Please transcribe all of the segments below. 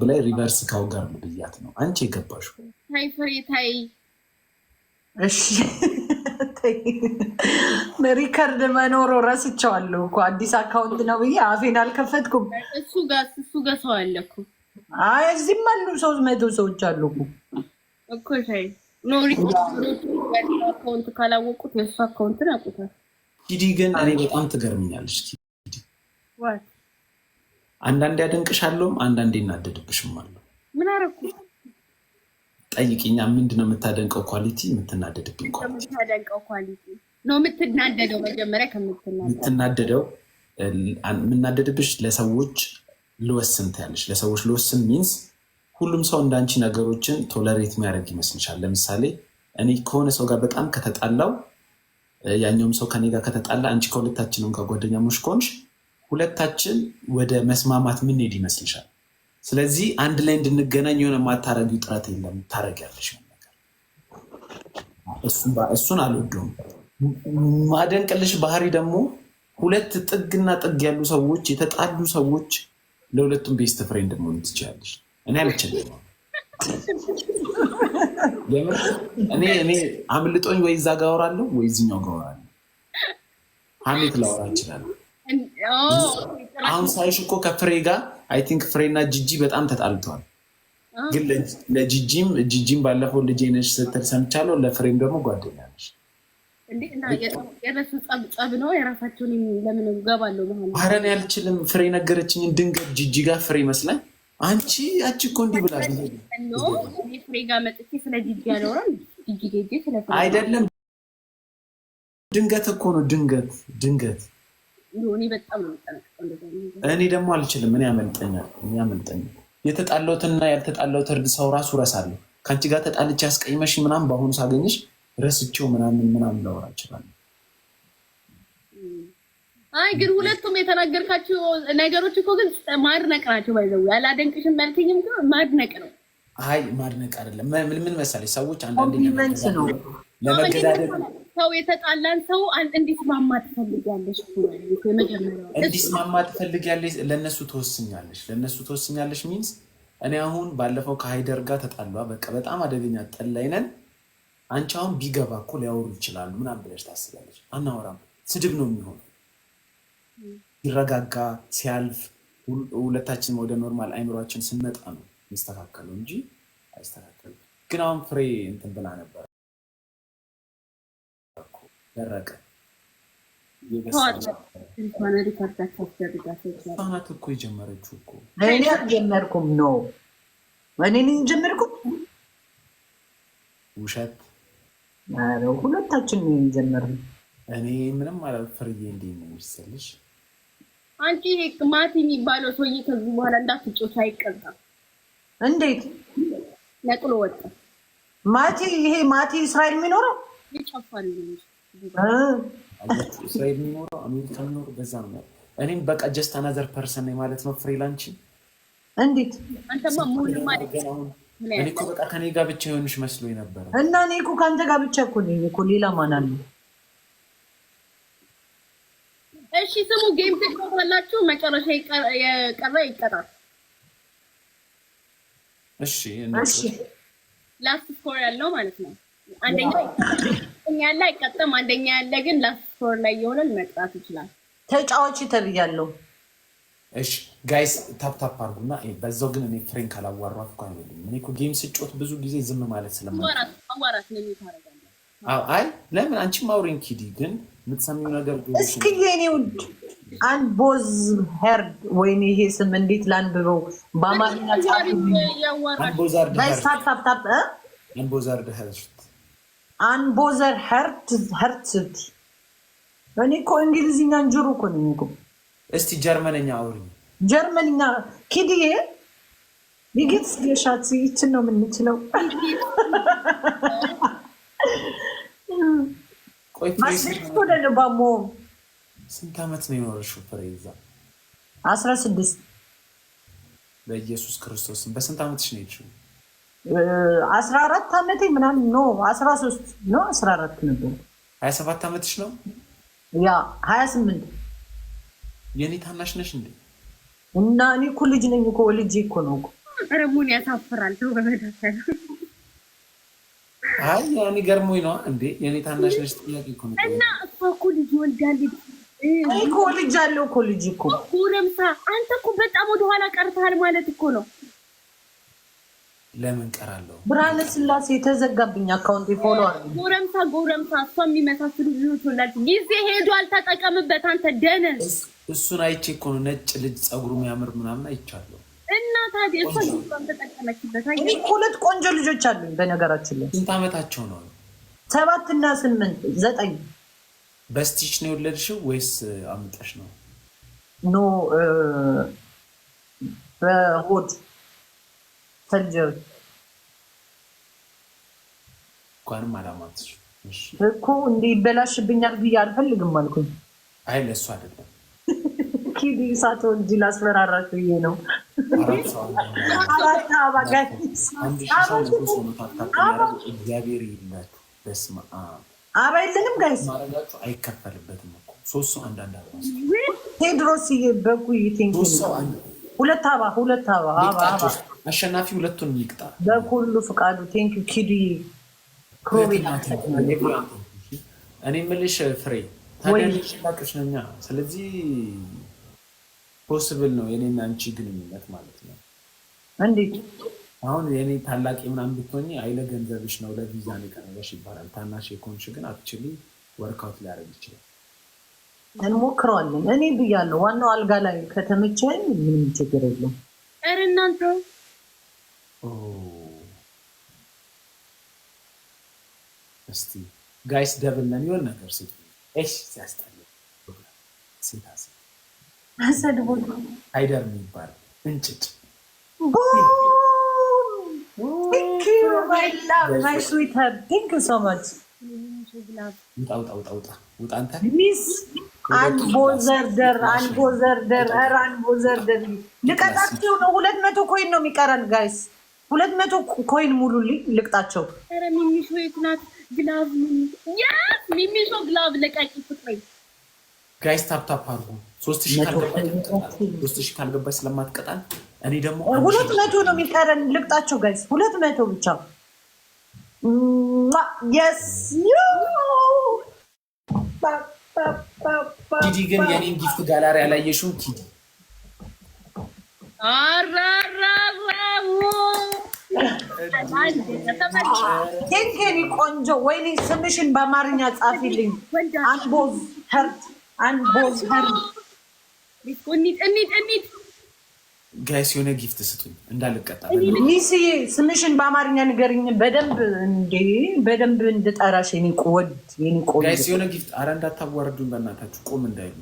ብላይ ሪቨርስ ካው ጋር ነው ብያት ነው አንቺ የገባሽው። ታይ ፍሬ ታይ። እሺ ሪከርድ መኖሮ ረስቸዋለሁ እኮ አዲስ አካውንት ነው ብዬ አፌን አልከፈትኩም። እሱ ጋር እሱ ጋር ሰው አለ እኮ። አይ እዚህም አሉ ሶስት መቶ ሰዎች አሉ እኮ ታይ አካውንት ካላወቁት የእሱ አካውንትን አቁታል። ኪዲ ግን እኔ በጣም ትገርምኛለች ኪዲ አንዳንዴ ያደንቅሻለሁም አንዳንዴ እናደድብሽም አለሁ። ምን አደረኩ? ጠይቂኛ። ምንድነው የምታደንቀው ኳሊቲ፣ የምትናደድብኝ ኳሊቲ ነው። የምትናደደው መጀመሪያ ከምትናደደው የምናደድብሽ ለሰዎች ልወስን ትያለሽ። ለሰዎች ልወስን ሚንስ ሁሉም ሰው እንዳንቺ ነገሮችን ቶለሬት የሚያደርግ ይመስልሻል። ለምሳሌ እኔ ከሆነ ሰው ጋር በጣም ከተጣላው ያኛውም ሰው ከኔ ጋር ከተጣላ አንቺ ከሁለታችንም ከጓደኛሞች ከሆንሽ ሁለታችን ወደ መስማማት ምን ሄድ ይመስልሻል? ስለዚህ አንድ ላይ እንድንገናኝ የሆነ የማታረጊው ጥረት የለም። ታረጊያለሽ። እሱን አልወደውም። ማደንቅልሽ ባህሪ ደግሞ ሁለት ጥግና ጥግ ያሉ ሰዎች፣ የተጣሉ ሰዎች ለሁለቱም ቤስት ፍሬንድ መሆን ትችላለች። እኔ አልችልም። እኔ እኔ አምልጦኝ ወይ እዛ ጋር አወራለሁ ወይ እዚህኛው ጋር አወራለሁ። ሀሜት ላወራ እችላለሁ Oh, አሁን ሳይሽ እኮ ከፍሬ ጋር አይ ቲንክ ፍሬና ጂጂ በጣም ተጣልተዋል። oh. ግን ለጂጂም ጂጂም ባለፈው ልጄ ነሽ ስትል ሰምቻለሁ። ለፍሬም ደግሞ ጓደኛ ነሽ። የእነሱ የራሳቸውን ፍሬ ነገረችኝን ድንገት ጂጂ ጋር ፍሬ መስላኝ አንቺ ያቺ እኮ እንዲህ ብላ አይደለም ድንገት እኮ ነው ድንገት ድንገት እኔ ደግሞ አልችልም። እኔ ያመልጠኛል፣ ያመልጠኛል። የተጣለውትና ያልተጣለውት እርድ ሰው ራሱ ረሳለሁ። ከአንቺ ጋር ተጣልቼ ያስቀይመሽ ምናምን በአሁኑ ሳገኘሽ ረስቼው ምናምን ምናምን ላወራ እችላለሁ። አይ ግን ሁለቱም የተናገርካቸው ነገሮች እኮ ግን ማድነቅ ናቸው። ባይዘው ያላደንቅሽም ያልከኝም ግን ማድነቅ ነው። አይ ማድነቅ አይደለም። ምን ምን መሰለሽ ሰዎች አንዳንድ ነው ለመገዳደል ሰው የተጣላን ሰው እንዲስማማ ትፈልጊያለሽ፣ እንዲስማማ ትፈልጊያለሽ። ለእነሱ ትወስኛለሽ፣ ለእነሱ ትወስኛለሽ ሚንስ እኔ አሁን ባለፈው ከሀይደር ጋር ተጣሏ፣ በቃ በጣም አደገኛ ጠላይነን። አንቺ አሁን ቢገባ እኮ ሊያወሩ ይችላሉ ምናምን ብለሽ ታስባለች። አናወራም፣ ስድብ ነው የሚሆነው። ሲረጋጋ ሲያልፍ፣ ሁለታችን ወደ ኖርማል አይምሯችን ስንመጣ ነው የሚስተካከሉ እንጂ አይስተካከሉ። ግን አሁን ፍሬ እንትን ብላ ነበረ ደረቀ። ናት እኮ የጀመረችው እኮ እኔ አልጀመርኩም። ነው እኔ ነኝ የጀመርኩት። ውሸት ሁለታችን ነው የጀመርነው። እኔ ምንም አላ ፍርዬ እንዲ ነው ይስልሽ። አንቺ ማት የሚባለው ሰውዬ ከዚህ በኋላ እንዳትጮች አይቀጣም። እንዴት ነቅሎ ወጣ ማቲ? ይሄ ማቲ እስራኤል የሚኖረው ይጨፋል ስራ የሚኖረው አሜሪካ የሚኖረው በዛ ነው። እኔም በቃ ጀስት አናዘር ፐርሰን ነኝ ማለት ነው። ፍሪላንቺ እንዴት እኔ እኮ በቃ ከኔ ጋር ብቻ የሆንሽ መስሎኝ ነበረ። እና እኔ እኮ ከአንተ ጋር ብቻ እኮ ነኝ እኮ ሌላ ማን አለ? እሺ ስሙ፣ ጌም ትጫወታላችሁ። መጨረሻ የቀረ ይቀጣል። እሺ እሺ፣ ላስት ስኮር ያለው ማለት ነው አንደኛ ያለ አይቀጥም፣ አንደኛ ያለ ግን ለፎር ላይ የሆነን መቅጣት ይችላል። ተጫዋች ተብያለሁ። እሺ ጋይስ ታፕ ታፕ በዛው ግን እኔ ፍሬን ካላዋሯት እኮ አይደለም። እኔ እኮ ጌም ስጮት ብዙ ጊዜ ዝም ማለት ስለማዋራት ነው ታደርጋለህ። አይ ለምን አንቺ ማውሪን ኪዲ ግን የምትሰሚው ነገር እስኪ የኔ ውድ አንቦዝ ሄርድ ወይኔ ይሄ ስም እንዴት ላንብበው በአማርኛ ጻፍ አንቦዛርድ ሄርድ አንቦዘር ሄርት እኔ እኮ እንግሊዝኛ እንጆሮ እኮ ነው የሚጎ እስቲ ጀርመንኛ አውሪ። ጀርመንኛ ኪድዬ ቢግስ ገሻት ይችን ነው የምንችለው። ማስደደባሞ ስንት ዓመት ነው የኖረሽው? አስራ ስድስት በኢየሱስ ክርስቶስን በስንት ዓመትሽ ነው የሄድሽው? አስራ አራት ዓመቴ ምናምን ኖ አስራ ሶስት ነው አስራ አራት ነበር። ሀያ ሰባት ዓመትሽ ነው? ያ ሀያ ስምንት የኔ ታናሽ ነሽ እንዴ? እና እኔ እኮ ልጅ ነኝ እኮ ልጅ እኮ ነው እኮ ረሙን ያሳፍራል። ተው በመዳፈር አይ ያኔ ገርሞኝ ነዋ እንዴ የኔ ታናሽ ነሽ ጥያቄ እኮ ነው። እና እሷ እኮ ልጅ ወልዳለች እኮ ልጅ አለው እኮ ልጅ እኮ ረምሳ አንተ እኮ በጣም ወደኋላ ቀርተሃል ማለት እኮ ነው ለምን ቀራለሁ? ብርሃነ ስላሴ የተዘጋብኝ አካውንት ፎሎ ጎረምሳ ጎረምሳ እሷ የሚመሳስሉ ልጆች ትላል። ጊዜ ሄዷል፣ አልተጠቀምበት። አንተ ደነን። እሱን አይቼ እኮ ነው ነጭ ልጅ ጸጉሩ የሚያምር ምናምን አይቻለሁ። እና ታዲያ እሷ ተጠቀመችበት። ሁለት ቆንጆ ልጆች አሉኝ በነገራችን ላይ። ስንት ዓመታቸው ነው? ሰባት እና ስምንት ዘጠኝ። በስቲች ነው የወለድሽው ወይስ አምጠሽ ነው? ኖ በሆድ ተልጆች እንኳንም አላማት እኮ እንደ ይበላሽብኛል ብዬ አልፈልግም አልኩኝ። አይ ለሱ አይደለም ኪዲ ሳቶ እንጂ ላስፈራራት ብዬ ነው። እግዚአብሔር ይላችሁ። በስመ አብ አባ የለንም ጋይስ አይከፈልበትም እኮ ሶስት ሰው አንዳንድ አባ ቴድሮስ በኩ ሁለት አባ ሁለት አባ አባ አሸናፊ ሁለቱን ይቅጣ በሁሉ ፍቃዱ። ቴንክ ዩ ኪዱ። እኔ የምልሽ ፍሬ ታዲያሽላቅሽነኛ ስለዚህ ፖስብል ነው የኔና አንቺ ግንኙነት ማለት ነው። እንዴት አሁን የኔ ታላቅ ምናምን ብትሆኝ አይለ ገንዘብሽ ነው ለቪዛ ቀረበሽ ይባላል። ታናሽ የኮንሽ ግን አትችሊ ወርካውት ሊያደርግ ይችላል። እንሞክረዋለን። እኔ ብያለሁ ዋናው አልጋ ላይ ከተመቸኝ ምንም ችግር የለም። እናንተ እስቲ ጋይስ ደብነን ይሆን ነገር ሴት እሽ ሲያስጠላ ሴታ ሴት አይደር የሚባል እንጭጭ አንቦዘርደር አንቦዘርደር ነው። ሁለት መቶ ኮይን ነው የሚቀረን ጋይስ ሁለት መቶ ኮይን ሙሉ ልቅጣቸው። ኧረ ሚሚሾ የት ናት? ግላብ ሚሚሾ ግላብ ለቃቂ ፍቅረኝ ጋይስ ታፕታፕ አድርጉ። ሶስት ሺህ ካልገባች ስለማትቀጣል እኔ ደግሞ ሁለት መቶ ነው የሚቀረን። ልቅጣቸው ጋይስ ሁለት መቶ ብቻ የስ ግን የኔን ጊፍት ጋላሪ ያላየሽው ኪዲ አራራራ የቴኒ ቆንጆ ወይኔ ስምሽን በአማርኛ ጻፊልኝ። አንቦዝ ሄርድ አንቦዝ ሄርድ ጋይስ የሆነ ጊፍት ስጡኝ እንዳልቀጣ። ሚስዬ ስምሽን በአማርኛ ንገርኝ በደንብ እንዴ፣ በደንብ እንድጠራሽ የኔ ቆንጆ የኔ ቆንጆ። ጋይስ የሆነ ጊፍት። ኧረ እንዳታዋርዱኝ በእናታችሁ ቁም እንዳይሉ።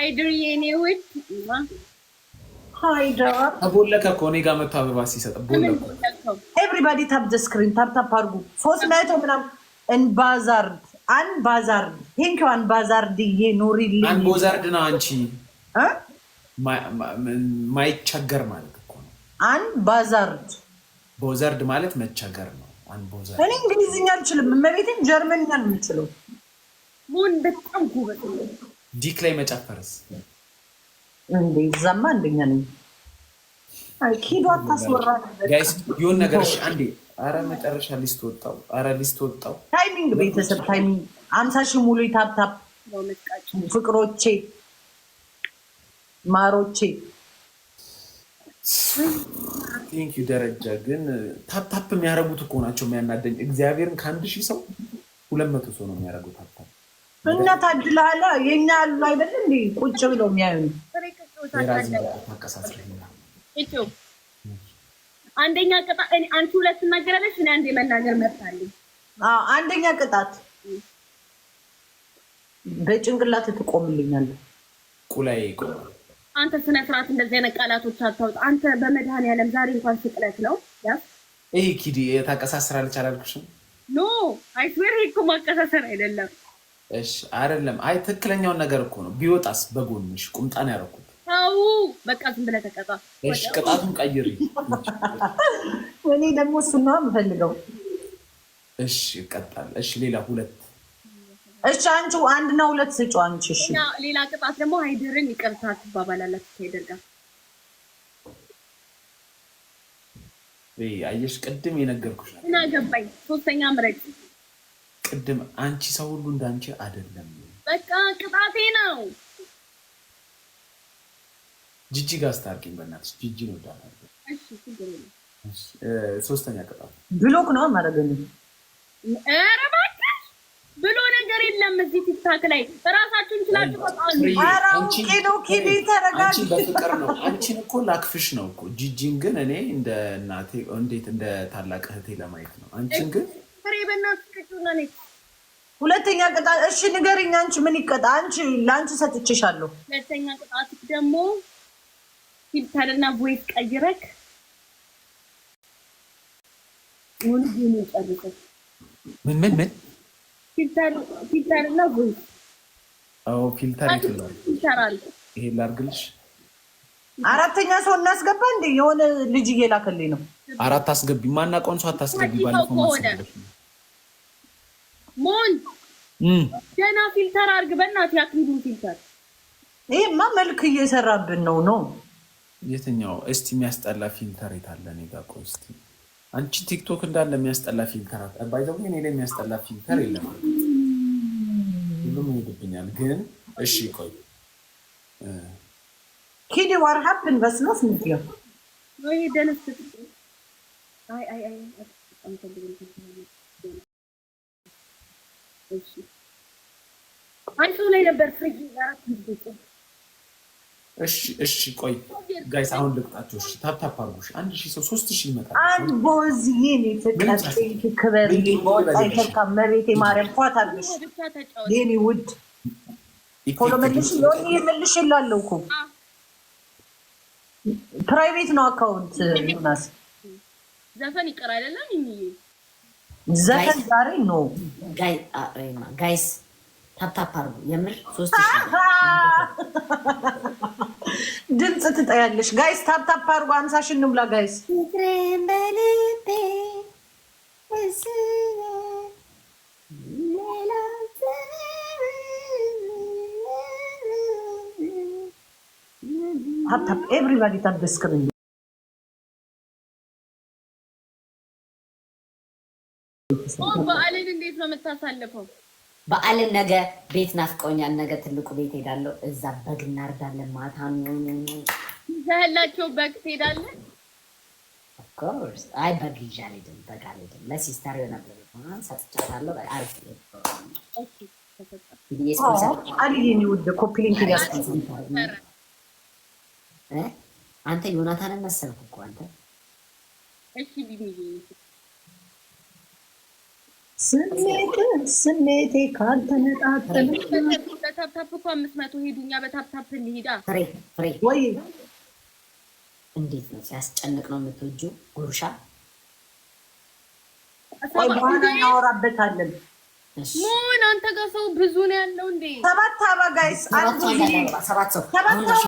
ሃይድሪ የኔ ውድ ቦለከ እኮ እኔ ጋር መቶ አበባ ሲሰጥ ቦለከ። ኤቭሪባዲ ታፕ ዘ ስክሪን ታፕ ታፕ አድርጉ። ሶስት መቶ ምናምን እንባዛርድ አንባዛርድ አንቦዛርድ ነው አንቺ ማይቸገር ማለት እኮ ነው። አንባዛርድ ቦዛርድ ማለት መቸገር ነው። አንቦዛርድ እኔ እንግሊዝኛ አልችልም። እመቤቴን ጀርመንኛ ነው የምችለው። በጣም ጉበት ዲክ ላይ መጨፈርስ እንዴ ዛማ አንደኛ ነኝ። አታስወራ ቢሆን ነገር አንዴ። አረ መጨረሻ ሊስት ወጣው። አረ ሊስት ወጣው። ታይሚንግ ቤተሰብ ታይሚንግ አምሳ ሺህ ሙሉ ታፕታፕ ፍቅሮቼ ማሮቼ ቴንክ ዩ ደረጃ። ግን ታፕታፕ የሚያደርጉት እኮ ናቸው የሚያናደኝ። እግዚአብሔርን ከአንድ ሺህ ሰው ሁለት መቶ ሰው ነው የሚያደርጉት ታፕታፕ እኛ ታድላላ የኛ ያሉ አይደለ እንዲ ቁጭ ብለው የሚያዩ አንደኛ ቅጣት አንቺ ሁለት ትናገራለሽ፣ እኔ አንዴ መናገር መብታለኝ። አዎ አንደኛ ቅጣት በጭንቅላት ትቆምልኛል። ቁላይ ይቆማል። አንተ ስነ ስርዓት እንደዚህ አይነት ቃላቶች አታውጥ። አንተ በመድኃኒዓለም ዛሬ እንኳን ስቅለት ነው ያ ይሄ ኪዲ ታቀሳስራለች አላልኩሽም? ኖ አይስዌር ይሄ እኮ ማቀሳሰር አይደለም። አይደለም። አይ ትክክለኛውን ነገር እኮ ነው። ቢወጣስ በጎንሽ ቁምጣን ያደረኩት አዎ፣ በቃ ዝም ብለህ ተቀጣ። እሺ፣ ቅጣቱን ቀይሪ። እኔ ደግሞ እሱን ምፈልገው። እሺ፣ ይቀጣል። እሺ፣ ሌላ ሁለት። እሺ፣ አንቺ አንድ ነው ሁለት ስጩ አንቺ። እሺ፣ ሌላ ቅጣት ደግሞ ሃይደርን ይቅርታ ትባባላላችሁ ይደርጋል። አየሽ፣ ቅድም የነገርኩሽ ነገር ምን አገባኝ። ሶስተኛ ምረጭ ቅድም አንቺ ሰው ሁሉ እንዳንቺ አይደለም። በቃ ቅጣቴ ነው። ጅጅ ጋር ስታርቂኝ በእናትሽ ጅጅ ነው ዳ ሶስተኛ ቅጣት ብሎክ ነው ማለት ብሎ ነገር የለም እዚህ ቲክታክ ላይ እራሳችሁን ችላችሁ አንቺ በፍቅር ነው። አንቺን እኮ ላክፍሽ ነው እኮ ጂጂን ግን እኔ እንደ እናቴ እንዴት እንደ ታላቅ እህቴ ለማየት ነው። አንቺን ግን ፍሬ በእናትሽ ሁለተኛ ቅጣት እሺ፣ ንገሪኝ። አንቺ ምን ይቀጣ? አንቺ ለአንቺ ሰጥቼሻለሁ። ሁለተኛ ቅጣት ደግሞ ፊልተርና ቦይት ቀይረክ ሙሉ ጊዜ ጨርሰሽ ምን ምን ምን ፊልተር ፊልተርና ቦይት አዎ፣ ፊልተር ይችላል። ፊልተር ይሄ ላርግልሽ። አራተኛ ሰው እናስገባ እንዴ? የሆነ ልጅ እየላከልኝ ነው። አራት አስገቢ። ማናውቀውን ሰው አታስገቢ። ባለፈው ማስገቢ ሞን ገና ፊልተር አድርግ በእናትህ አክሊሉን ፊልተር። ይሄማ መልክ እየሰራብን ነው ነው የትኛው? እስቲ የሚያስጠላ ፊልተር የታለ? እኔ ጋር ቆይ እስቲ አንቺ ቲክቶክ እንዳለ የሚያስጠላ ፊልተር ባይዘው ግን ሄደ የሚያስጠላ ፊልተር የለም። ሁሉም ይሄድብኛል ግን እሺ ቆይ ኪዲ ዋር ሀፕን በስሎስ ምትለው ወይ ደነስ አይ አይ አይ አንቺ ላይ ነበር ፍሪጅ አራት ጊዜ እሺ፣ እሺ፣ ቆይ ጋይስ፣ አሁን ልቅጣችሁ። እሺ፣ ታፕታፕ አድርጉ። አንድ ሺህ ሰው ሶስት ሺህ ይመጣል። አቦዚ የኔ ፍቅር ክበሪ፣ መቤቴ ማርያም ኳት የኔ ውድ ፎሎ መልሽ። ሆን መልሽ የላለው እኮ ፕራይቬት ነው አካውንት ዮናስ ዘፈን ይቀር አይደለም ዘፈን ዛሬ ነው ጋይስ፣ ታፕታፕ uh, የምር ድምፅ ትጠያለሽ ጋይስ፣ ታፕታፕ አምሳ ሺህ እንብላ ጋይስ። ኤቭሪባዲ በዓልን እንዴት ነው የምታሳልፈው? በዓልን ነገ ቤት ናፍቀውኛል። ነገ ትልቁ ቤት ሄዳለሁ። እዛ በግ እናርዳለን። ማታ ይዘህላቸው በግ ትሄዳለህ? ኦፍኮርስ። አይ በግ ይዤ አልሄድም። በግ አልሄድም። ለሲስተር የሆነ ሰጥቻታለሁ። አሪፍ አንተ ዮናታንን መሰልኩ እኮ አንተ ስሜት ስሜቴ ካልተነጣጠለ በታፕታፕ እኮ አምስት መቶ ሄዱ። እኛ በታፕታፕ እንሂዳ። ፍሬ ፍሬ ወይ እንዴት ነው ሲያስጨንቅ ነው የምትወጁ ጉርሻ ወይ በኋላ እናወራበታለን። ምን አንተ ጋር ሰው ብዙ ነው ያለው እንዴ? ሰባት አባጋይስ ሰባት ሰው